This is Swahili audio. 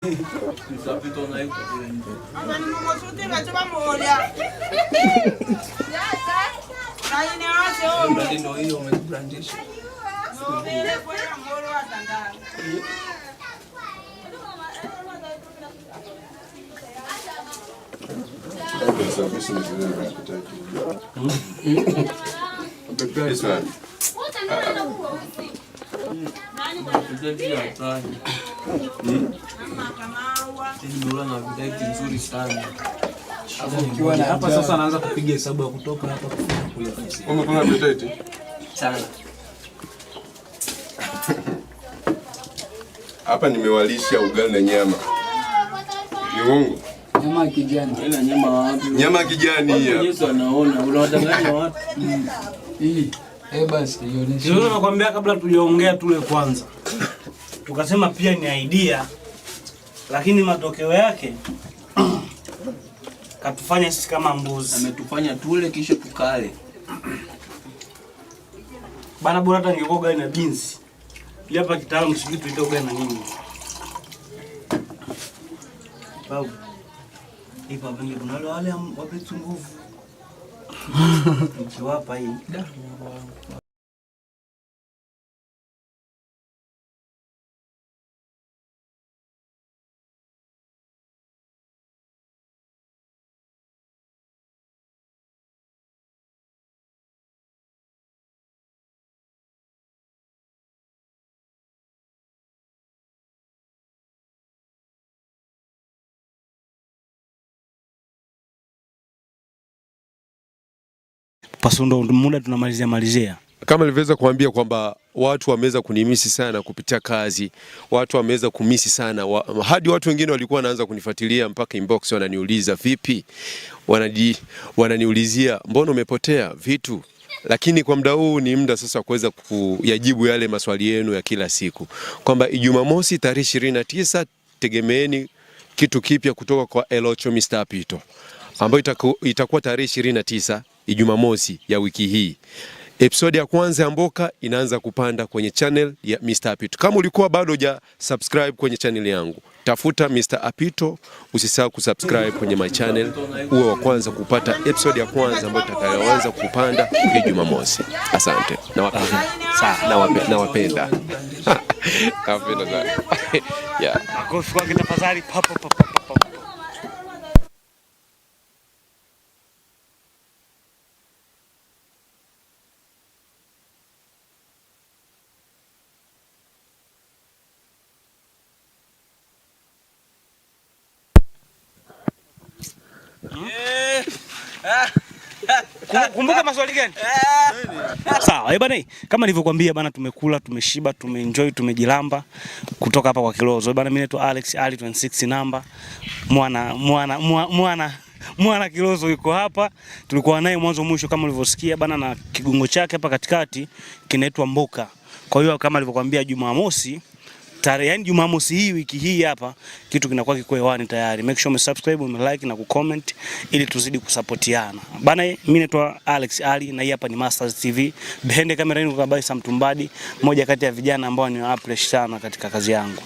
Hmm? aeee aeaee hapa sasa anaanza kupiga hesabu ya kutoka hapa kule. Hapa nimewalisha ugali na nyama. Ni uongo. Nyama kijani. Nyama kijani. Yesu anaona unawadanganya watu. Eh, basi ionyeshe. Ndio nakwambia kabla tujaongea tule kwanza. Tukasema pia ni idea lakini matokeo yake katufanya sisi kama mbuzi. Ametufanya tule kisha tukale. Bana, bora hata ningekuwa ugali na beans. Ili hapa kitaalamu sijui tuita ugali na nini. Babu. Ipa bende kuna wale wape nguvu. 좋아 빠이. 네. paso ndo muda tunamalizia malizia. Kama nilivyoweza kuambia kwamba watu wameweza kunimisi sana kupitia kazi, watu wameweza kumisi sana wa, hadi watu wengine walikuwa wanaanza kunifuatilia mpaka inbox wananiuliza vipi, wanaji wananiulizia mbona umepotea vitu lakini kwa muda huu ni muda sasa wa kuweza kuyajibu yale maswali yenu ya kila siku, kwamba Ijumamosi tarehe 29 tegemeeni kitu kipya kutoka kwa Elocho Mr. Pito ambayo itakuwa tarehe 29 ijumamosi ya wiki hii. episode ya kwanza ya Mboka inaanza kupanda kwenye channel ya Mr. Apito. Kama ulikuwa bado ja subscribe kwenye channel yangu, tafuta Mr. Apito, usisahau kusubscribe kwenye my channel uwe wa kwanza kupata episode ya kwanza ambayo tutakayoanza kupanda hii Jumamosi. Asante. Nawapenda. Nawapenda. Nawapenda. Yeah. kwa Kumbuka maswali gani? Sawa, eh, bana, kama nilivyokuambia bana, tumekula, tumeshiba, tumeenjoy, tumejilamba kutoka hapa kwa Kilozo. Eh, bana, mimi naitwa Alex Ali 26 namba. Mwana mwana mwana mwana Kilozo yuko hapa, tulikuwa naye mwanzo mwisho kama ulivyosikia bana, na kigongo chake hapa katikati kinaitwa Mboka. Kwa hiyo kama alivyokuambia Jumamosi tare, yani Jumamosi hii wiki hii hapa kitu kinakuwa kiko hewani tayari. Make sure umesubscribe, umelike na kucomment ili tuzidi kusapotiana. Bana, mimi naitwa Alex Ali na hii hapa ni Mastaz TV. Behende kamera yenu kwa Baisa Mtumbadi, moja kati ya vijana ambao ni appreciate sana katika kazi yangu.